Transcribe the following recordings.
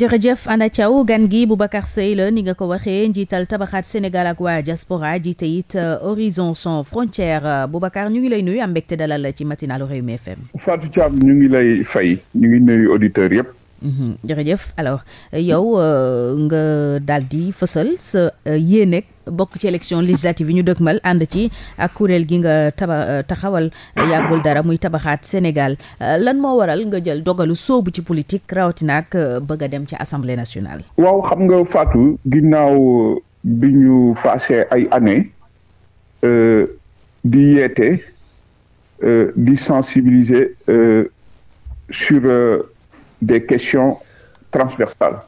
jërëjëf Anna Thiaw gan gi Boubacar Seye la ni nga ko waxee njiital tabaxaat Sénégal ak waa diaspora jiite it euh, Horizon Sans Frontières euh, Boubacar ñu ngi lay nuyu am mbégte dalal ci matinalu Rewmi FM. Fatou Thiam ñu ngi lay fay ñu ngi nuyu auditeurs yëpp. Mhm. jërëjëf alor yow euh, nga daal di fësal sa euh, yéene bokk ci élection législative yi ñu mal ànd ci ak kuréel gi nga taba euh, taxawal yàggul dara muy tabaxaat Sénégal lan moo waral nga jël dogalu soobu ci politique rawatina ak bëgg dem ci assemblée nationale. waaw xam nga Fatou ginnaaw bi ñu passé ay années di yeete di sensibiliser sur. des questions transversales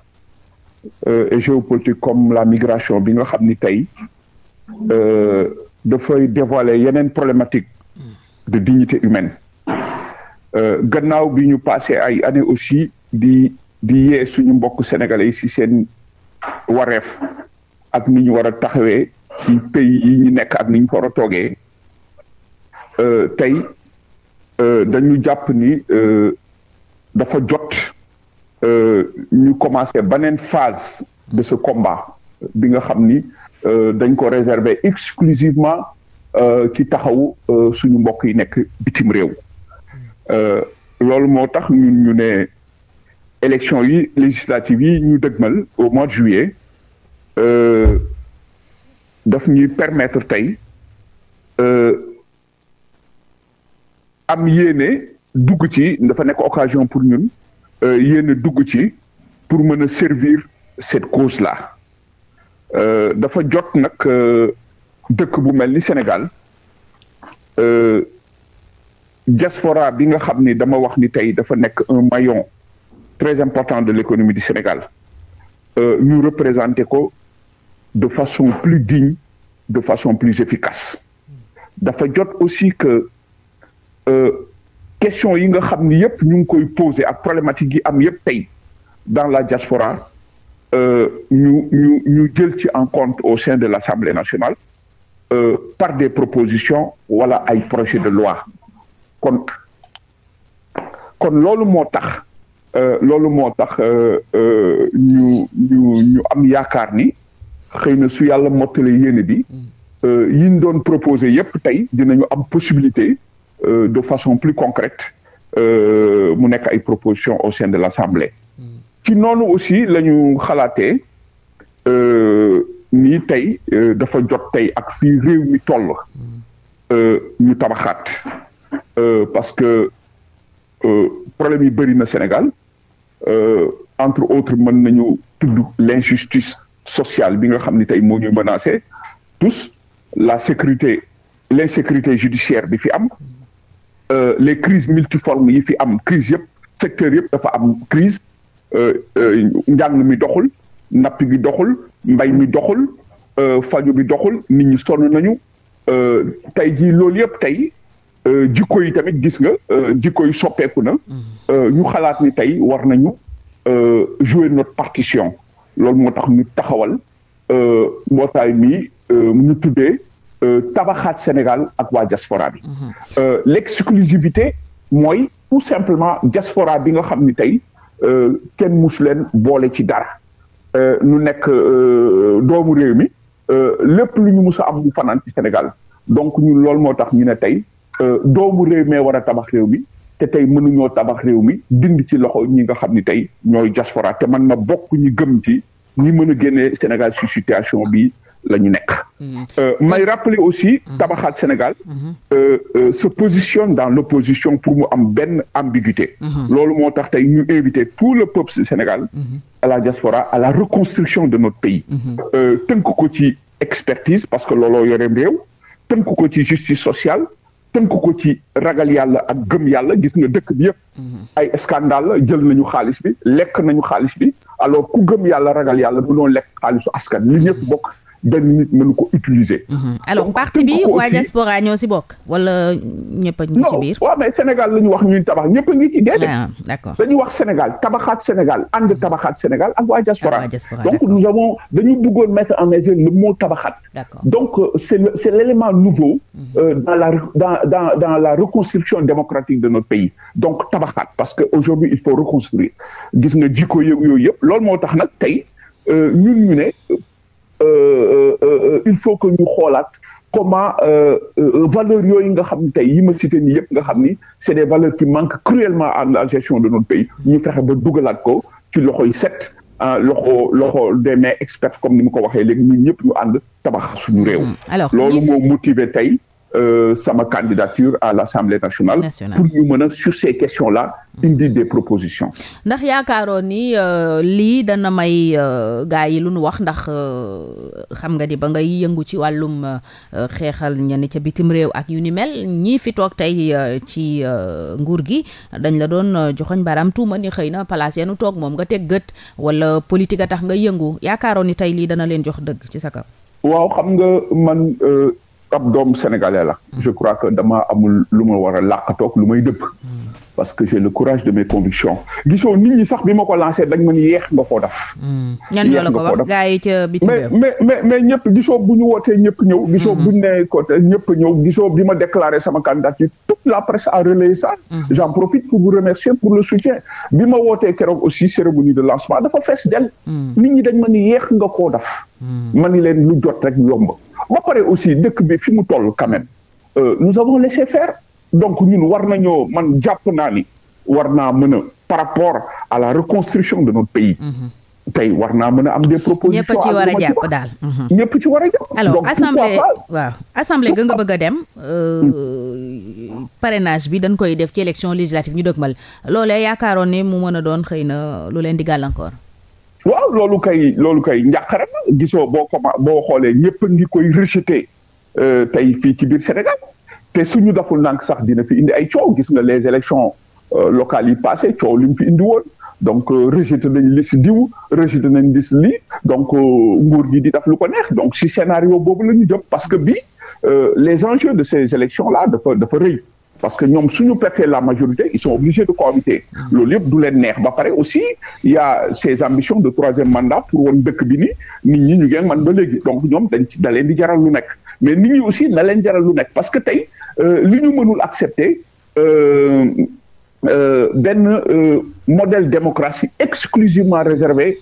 euh, géopolitique comme la migration bi nga xam ni tey euh, dafay dévoiler yeneen problématique de dignité humaine euh, gannaaw bi ñu passé ay années aussi di di yee suñu mbokk sénégalais yi si seen wareef ak ni ñu war a taxawee ci pays yi ñu nekk ak ni ñu war a toogee euh, tey dañu jàpp ni dafa jot Euh, ñu commencé beneen phase de ce combat bi nga xam ni euh, dañ ko réserver exclusivement ci euh, taxaw suñu mbokk yi nekk bitim réew loolu moo tax ñun ñu ne élection yi législative yi ñu dëgmal au mois de juillet daf ñuy permettre tey am yéene dugg ci dafa nekk occasion pour ñun Euh, yéen a dugg ci pour mën a servir cette cause là euh, dafa jot nag euh, dëkk bu mel ni Sénégal diaspora bi nga xam ni dama wax ni tey dafa nekk un mayon très important de l'économie du Sénégal ñu représenter ko de façon plus digne de façon plus efficace dafa jot aussi que. Euh, question yi nga xam ni yëpp ñu ngi koy posé ak problématique yi am yëpp tey dans la diaspora euh, ñu ñu ñu jël ci en compte au sein de l'Assemblée nationale euh, par des propositions wala ay projet de loi kon kon loolu moo tax euh, loolu moo tax euh, ñu ñu ñu am yaakaar ni xëy na su yàlla mottale yéene bi mm. yiñ doon proposé yëpp tey dinañu am possibilité Euh, de façon plus concrète euh, mu nekk ay propositions au sein de l'Assemblée. Mm. ci noonu aussi la ñu xalaatee euh, nii tey dafa jot tey ak fi réew mi toll mm. ñu tabaxaat parce que problème yi bëri na Sénégal entre autres mën nañu tudd l'injustice sociale bi nga xam ni tey moo ñu menacé tous la sécurité l'insécurité judiciaire bi fi am. Mm. Euh, les crises multiformes yi fi am crise yëpp secteur yëpp dafa am crise euh, euh, njàng mi doxul napp gi doxul mbay mi doxul faju bi doxul nit ñi sonn nañu tey jii loolu yëpp tey jikko yi tamit gis nga jikko yi soppeeku na mm-hmm. ñu xalaat ni tey war nañu jouer not partition loolu moo tax ñu taxawal mbootaay mi ñu tuddee Euh, tabaxaat Sénégal ak waa diaspora bi. Mhm. Euh, l'exclusivité mooy tout simplement diaspora bi nga xam ni tey euh, kenn musu leen boole ci dara. ñu nekk doomu réew mi lépp lu ñu mus a am lu fanaan ci Sénégal donc ñun loolu moo tax ñu ne tey doomu réew mee war a tabax réew mi te tey mënuñoo tabax réew mi dind ci loxo ñi nga xam ni tey ñooy diaspora te man ma bokk ñi gëm ci ñi mën a génnee Sénégal ci situation bi la ñu nekk. Mhm. Euh, may rappeler aussi. Mhm. tabaxaat Sénégal. Mhm. Euh, euh, se positionne dans l'opposition pour mu am benn ambiguïté. loolu moo tax tey ñu invité tout le peuple sénégal. à la diaspora à la reconstruction de notre pays. tënk ko ci expertise parce que looloo yoreem réew. tënk ko ci justice sociale. tënk ko ci ragal yàlla ak gëm yàlla gis nga dëkk bi yëpp ay scandale la jël nañu xaalis bi lekk nañu xaalis bi alors ku gëm yàlla ragal yàlla du doon lekk xaalisu askan li ñëpp benn nit mënu ko utiliser. Mhm. alors parti bi waa diaspora ñoo si bokk. wala ñëpp a ngi ci biir non waaw mais Sénégal la ñu wax ñu tabax ñëpp a ngi ci ah, wax Sénégal tabaxaat Sénégal ànd mhm. tabaxaat Sénégal ak waa diaspora. donc nous avons dañuy bëggoon mettre en exergue le mot tabaxaat. donc euh, c'est le c'est l'élément nouveau. Mhm. Euh, dans la dans dans dans la reconstruction démocratique de notre pays donc tabaxaat parce que aujourd'hui il faut reconstruire gis nga jikko yooyu yëpp loolu moo tax nag tey euh, ñun il faut que ñu xoolaat comment euh, euh, euh, valeurs yooyu nga xam tey yi ma site nii yëpp nga xam ni c'est des valeurs qui manquent cruellement à la gestion de notre pays ñu fexe ba dugalaat ko ci loxo yu set loxo loxo des mains experts comme ni mu ko waxee léegi ñun ñëpp ñu ànd tabax suñu réew. alors loolu moo motivé tey. Euh, sama candidature à l'Assemblée nationale. nationale. pour ñu mën a sur ces questions là indi des propositions. ndax yaakaaroon ni euh, lii dana may euh, gaa yi lu nu wax ndax xam nga ni ba ngay yëngu ci wàllum xeexal ñenn ca bitim réew ak yu ni mel ñii fi toog tey ci nguur gi dañ la doon joxoñ baaraam tuuma ni xëy na palaas nu toog moom nga teg gët wala politique a tax nga yëngu yaakaaroon ni tey lii dana leen jox dëgg ci sa kaw. ab doom sénégalais la mm. je crois que dama amul lu ma war a làqatoog lu may dëpp mm. parce que j'ai le courage de mes convictions gisoo nit ñi sax bi ma ko lancé dañ ma ni yeex nga koo def mm. ñan ñoo la mais mais mais ñëpp gisoo bu ñu wootee ñëpp ñëw gisoo bu ñu nee côté ñëpp ñëw gisoo bi ma déclaré sama candidature toute la presse a relayé ça j'en profite pour vous remercier pour le soutien bi ma wootee keroog aussi cérémonie dafa fees del nit ñi dañ ma ni yeex nga koo def ma leen lu jot rek yomb ba pare aussi dëkk bi fi mu toll quand même euh, nous avons donc ñun war nañoo man jàpp naa ni war naa mën a par rapport à la reconstruction de notre pays. Mhm. tey war naa mën am des propositions. ñëpp ci a daal. Mhm. ñëpp ci war a jàpp. alors assemblée waaw assemblée ga nga bëgg a dem. Euh, parrainage bi dañ koy def ci élection législative ñu dëgmal loolee yaakaaroon ni mu mën a doon xëy na lu leen di gàllankoor. waaw loolu kay loolu kay njàqare gisoo boo commen boo xoolee ñëpp ngi koy rejeté euh, tey fii ci biir Sénégal te suñu daful nank sax dina fi indi ay coow gis nga les élections euh, locales yi passé coow li mu fi indi woon donc euh, rejeté nañ liste diw rejeté nañ liste lii donc nguur gi di def lu ko neex donc si scénario boobu la ñu jëm parce que bii les enjeux de ces élections là dafa dafa rëy parce que ñoom suñu perdre la majorité ils sont obligés de cohabiter loolu yëpp du leen neex ba pare aussi il y ambitions de troisième mandat pour woon dëkk bi nit ñi ñu ngeen man ba léegi donc ñoom dañ ci da leen di jaral lu nekk mais nit ñi aussi na leen jaral lu nekk parce que tey euh, li ñu mënul accepter euh, euh, benn modèle démocratie exclusivement réservé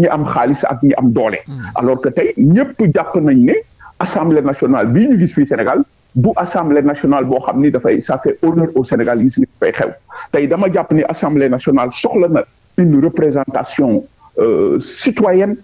ñi am xaalis ak ñi am doole hmm. alors que tey ñëpp jàpp nañ ne assemblée nationale bi ñu gis fii Sénégal bu assemblée nationale boo xam ni dafay ça fait honneur au Sénégal yi si xew tey dama jàpp ni assemblée nationale soxla na une représentation euh, citoyenne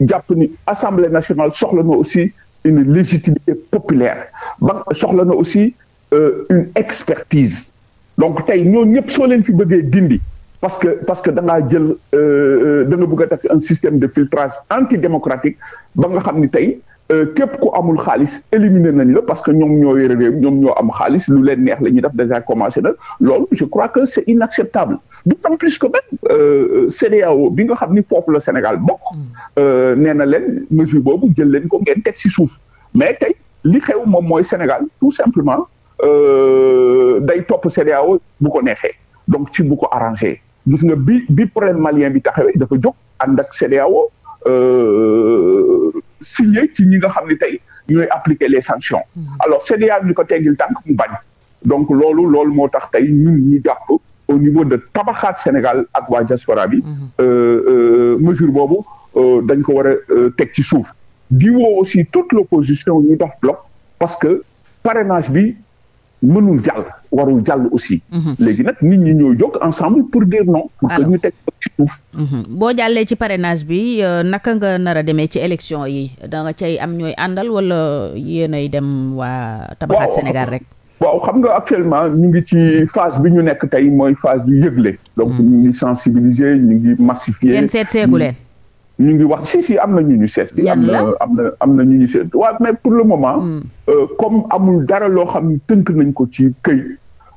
jàpp ni assemblée nationale soxla na aussi une légitimité populaire ba soxla na aussi euh, une expertise donc tey ñoo ñëpp soo leen fi bëggee dindi parce que parce que da ngaa jël euh, euh, da nga bëgg a def un système de filtrage antidémocratique ba nga xam ni tey Euh, képp ku amul xaalis éliminer nañ la parce que ñoom ñoo yore réew ñoom ñoo am xaalis lu leen neex la ñuy def déjà commencé na loolu je crois que c'est inacceptable d'autant plus que même euh, CEDEAO bi nga xam ni foofu la Sénégal bokk mm. euh, nee na leen mesure boobu jël leen ko ngeen teg ci suuf mais tey li xew moom mooy Sénégal tout simplement day topp CEDEAO bu ko neexee donc ci bu ko arrangé gis nga bi bi problème malien bi taxawee dafa jog ànd ak CEDEAO signé ci ñi nga xam ne tey ñooy appliquer les sanctions mm-hmm. alors CEDEAO ni ko teggil tànk mu bañ donc loolu loolu moo tax tey ñun ñu jàpp au niveau de tabaxaat Sénégal ak waa diaspora bi mm-hmm. euh, euh, mesure boobu euh, dañ ko war a teg ci suuf di aussi toute l'opposition ñu dox bloc parce que parrainage bi mënul jàll warul jàll aussi. Mhm. léegi nag nit ñi ñoo jóg ensemble pour dire non. pour que ñu teg ko ci suuf. Mhm. boo jàllee ci parrainage bi euh, naka nga nar a demee ci élection yi da nga cay am ñooy àndal wala yéenay dem waa. tabaxaat Sénégal rek. waaw xam nga actuellement ñu ngi ci phase bi ñu nekk tey mooy phase yu yëgle. donc mhm. ñu ngi sensibiliser ñu ngi massifier. ngeen seet seegu leen. ñu ngi wax si si am na ñu ñu seet. am na am na ñu ñu pour le moment. Euh, comme amul dara loo xam ne tënk nañ ko ci këy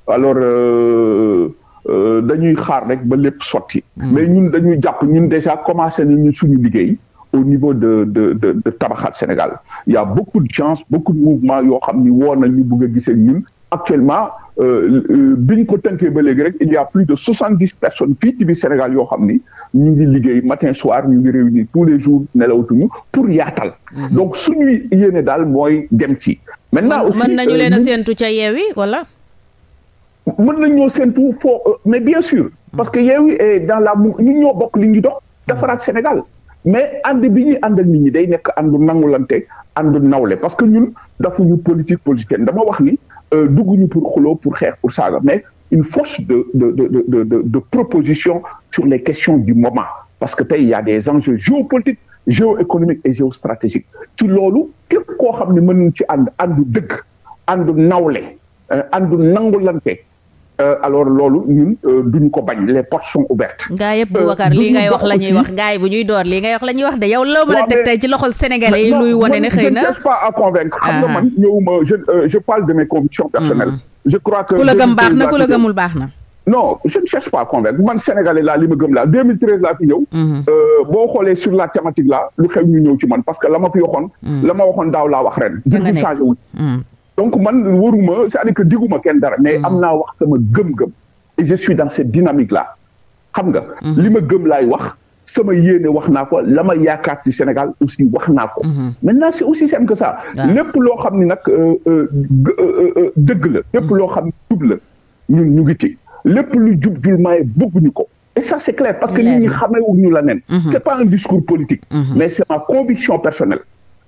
alors euh, euh, dañuy xaar rek ba lépp sotti. Hmm. mais ñun dañuy jàpp ñun déjà commencé nañu suñu liggéey. au niveau de de de tabaxaat Sénégal il y a beaucoup de gens beaucoup de yoo xam ni woo nañ ñu bëgg a gisee ñun actuellement euh, bi ñu ko tënkee ba léegi rek il y a plus de soixante dix personnes fii ci Sénégal yoo xam ni ñu ngi liggéey matin soir ñu ngi réunir tous les jours nelawatuñu pour yaatal. Hmm. donc suñuy yéene daal mooy dem ci. maintenant aussi nañu leen a séentu mën nañ ñoo sentu foo euh, mais bien sûr parce que Yewwi e dans la mou ñun ñoo bokk li ñu dox defaraat Sénégal mais ànd bi ñuy ànd ak nit ñi day nekk àndu nangulante àndu nawle parce que ñun dafuñu politique politicienne dama wax ni euh, dugguñu pour xuloo pour xeex pour saaga mais une force de de de de de de proposition sur les questions du moment parce que tey y a des enjeux géopolitiques géoéconomiques et géostratégiques ci loolu képp koo xam ne mën ci ànd àndu dëgg àndu nawle euh, àndu nangulante Euh, alors loolu du euh, duñu ko bañ les portes sont ouvertes. gaa yëpp Boubacar euh, li ngay wax la ñuy wax gaa yi bu ñuy door li ngay wax la ñuy wax de yow loo mën a teg ci loxol sénégalais yi luy wane ne xëy na. je ne cherche pas à convaincre. xam nga ah, ah. man ñëwuma je je parle mm-hmm. que ku la gëm baax na ku la gëmul baax na. non je ne cherche pas à convaincre man sénégalais laa li ma gëm laa 2013 laa fi ñëw. Mm-hmm. boo xoolee sur la thématique là lu xew ñu ñëw ci man parce que la ma fi waxoon. Mm. la ma waxoon daaw la wax ren. dëgg la donc man waruma c'est-à-dire que diguma kenn dara mais hmm. am naa wax sama gëm-gëm et je suis dans cette dynamique là xam nga hmm. li ma gëm laay wax sama yéene wax naa ko lama ma ci Sénégal aussi wax naa ko hmm. maintenant c'est aussi simple que ça lépp loo xam ni nag euh, euh, euh, dëgg la lépp loo xam ni jub la ñun ñu ngi ci lépp lu jub jul maaye bëgguñu ko et ça c'est clair parce que nit ñi xamee wuñu la nen c'est pas un discours politique mais c'est ma conviction personnelle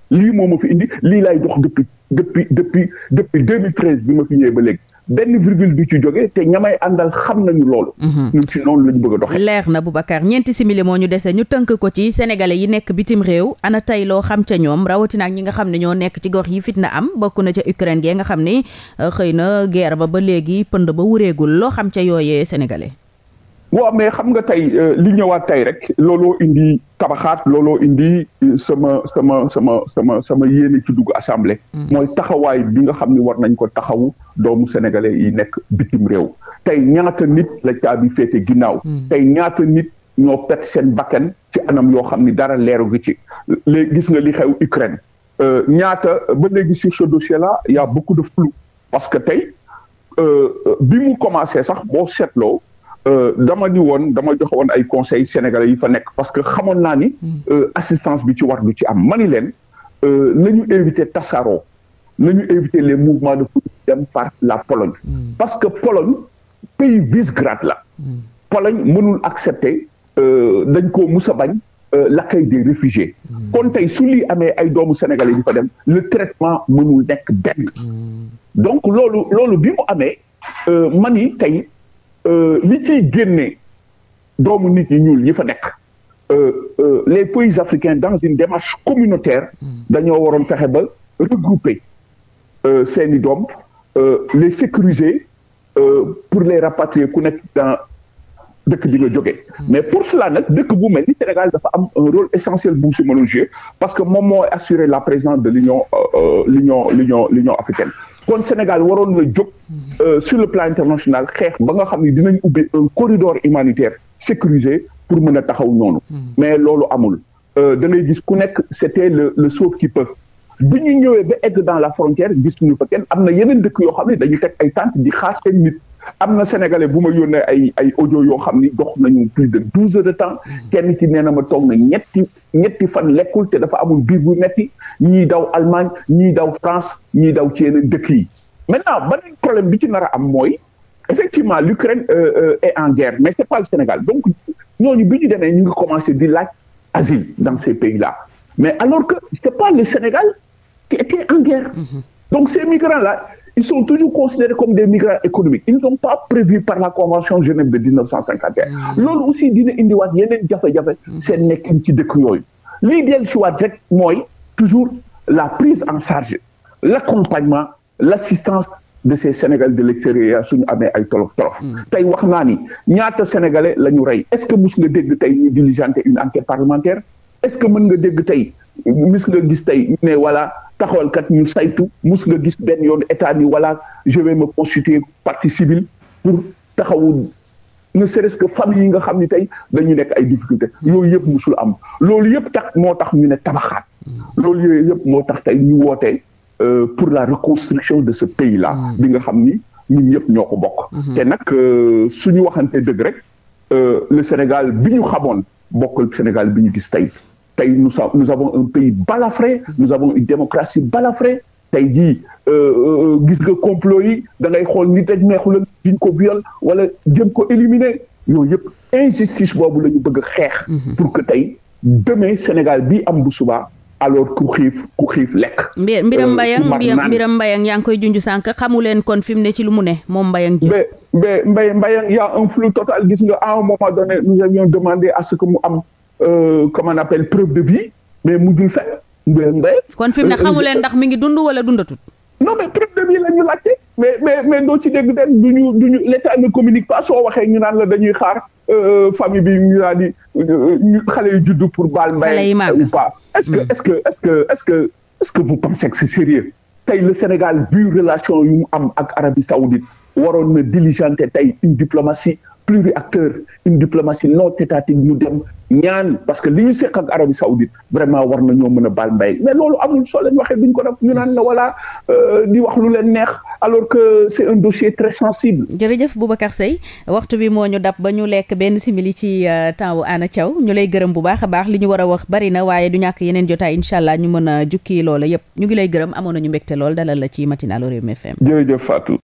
lii moom ma fi indi lii laay dox depuis depuis depuis depuis 2013 bi ma fi ñëwee ba léegi benn virgule du ci jóge te ñamay àndal xam nañu loolu. Mhm. ñun ci noonu la ñu bëgg a doxee. leer na Boubacar ñeenti simili moo ñu dese ñu tënk ko ci sénégalais yi nekk bitim réew ana tey loo xam ca ñoom rawatina ñi nga xam ne ñoo nekk ci gox yi fitna am bokk na ca Ukraine gee nga xam ne euh, xëy na guerre ba ba léegi pënd ba wureegul loo xam ca yooyee sénégalais. waaw amee xam nga tey euh, li ñëwaat tey rek looloo indi tabaxaat looloo indi euh, sama sama sama sama sama yéene ci dugg assemblée. Hmm. mooy taxawaay bi nga xam ni war nañ ko taxawu doomu sénégalais yi nekk bitim réew. tey ñaata nit la caabi féete ginnaaw. Hmm. tey ñaata nit ñoo pet seen bakken ci anam yoo xam ni dara leeru gi ci léegi gis nga li xew Ukraine. Euh, ñaata ba léegi sur ce dossier yaa y a de flou parce que tey bi mu commencé sax boo seetloo. Euh, dama ni woon dama joxe woon ay conseils sénégalais yi fa nekk parce que xamoon naa ni hmm. euh, assistance bi ci war du ci am mani leen euh, na ñu invité tassaro na ñu éviter les mouvements de foule dem la Pologne hmm. parce que Pologne pays Visegrad la hmm. Pologne mënul accepter dañ ko musa a bañ l'accueil des réfugiés kon tey su li amee ay doomu sénégalais yi fa dem le traitement mënul nekk benn donc loolu loolu bi mu amee mani tey Euh, li ciy génne doom nit ñi ñuul yi fa nekk euh, euh, les pays africains dans une démarche communautaire mm. dañoo waroon fexe ba regrouper seen i doom les sécuriser pour les rapatrier ku nekk dans dëkk bi nga jógee mm. mais pour cela nag dëkk bu mel ni Sénégal dafa am un rôle essentiel bu mu si mën a parce que moom moo assurer la présence de l'union l'union l'union l'union africaine kon Sénégal waroon na jóg euh, sur le plan international xeex ba nga xam ne dinañ ubbi un corridor humanitaire sécurisé pour mën a taxaw noonu. Hmm. mais loolu amul. Euh, da ngay gis ku nekk c'était le le sauve qui peut. bi ñu ñëwee ba egg dans la frontière gis ñu fa kenn am na yeneen dëkk yoo xam ne dañu teg ay tentes di xaar seen nit. am na sénégalais bu ma yónnee ay ay audio yoo xam ni dox nañu plus de douze heures de temps kenn ci nee na ma toog na ñetti ñetti fan lekkul te dafa amul biir bu metti ñii daw Allemagne ñii daw France ñii daw ci yeneen dëkk yi maintenant beneen problème bi ci nar a am mooy effectivement l'Ukraine euh, euh, est en guerre mais c'est pas le Sénégal donc ñooñu bi ñu demee ñu ngi commencé di laaj asile dans ces pays-là mais alors que c'est pas le Sénégal qui en guerre mm-hmm. donc ces migrants ils sont toujours considérés comme des migrants économiques ils ne sont pas prévus par la convention Genève de 1951 mm. aussi dina indiwaat yeneen jafe-jafe mm. seen nekkin ci dëkk yooyu lii dellu si waat mooy toujours la prise en charge l'accompagnement l'assistance de ces Sénégalais de l'extérieur suñu amee ay tolof tolof mm. tey wax naa ni ñaata sénégalais la ñu rey est-ce que mus nga dégg tey ñu diligenter une enquête parlementaire est-ce que mën nga dégg taxawal kat ñu saytu mus nga gis benn yoon état ni wala je vais me constituer partie civile pour taxawu ne serait-ce que famille yi nga xam ni tey dañu nekk ay difficulté yooyu yëpp musul am loolu yëpp tax moo tax ñu ne tabaxaat hmm. loolu yooyu yëpp moo tax tey ñu wootee euh, pour la reconstruction de ce pays là hmm. bi nga xam ni ñun ñëpp ñoo ko bokk hmm. te nag euh, suñu waxante dëgg rek euh, le Sénégal bi ñu xamoon bokkal Sénégal bi ñu gis tey tey nous nous avons un pays balafré nous avons une démocratie balafré tey jii euh, euh, euh, gis nga complot yi da ngay xool nit ak neexu la duñ ko viol wala jëm ko éliminer yooyu yëpp injustice boobu la bëgg xeex. Mhm. pour que tey demain Sénégal bi am bu subaa. alors ku xiif ku xiif lekk. mbiram mbiram mbayang mbiram mbayang yaa ngi koy junj sànq xamu leen kon fi mu ne ci lu mu ne moom mbayang ji. mais mais mbayang y' a un flou total gis nga à un moment donné nous avions demandé à ce que mu am. Euh, comment on appelle preuve de vie mais mujjul fenn mu leen rey. kon fi ne euh, xamu leen ndax mi ngi dund wala dundatut. non mais preuve de vie la ñu laajte mais mais mais doo ci dégg den du ñu l'état ne communique pas soo waxee ñu naan la dañuy xaar euh, famille bi ñu naan di xale yu juddu pour baal mbay ou pas est-ce que mm. est-ce que est-ce que est-ce que est-ce que vous pensez que c'est sérieux tey le Sénégal bu relation yu am ak Arabie Saoudite waroon na diligenter tey une diplomatie pluriacteur une diplomatie non étatique ñu dem ñaan parce que li ñu seq ak Arabie vraiment war na ñoo mën a baal mbay mais loolu amul soo leen waxee duñ ko def ñu naan la wala euh, di wax lu leen neex alors que c'est un dossier très sensible. jërëjëf euh, bu baax a baax li ñu war wax bari waaye du ñàkk yeneen jotaay incha ñu mën a jukki loola yépp ñu ngi lay gërëm amoon nañu mbégte lool dalal la ci matinalu Rewmi FM. jërëjëf Fatou.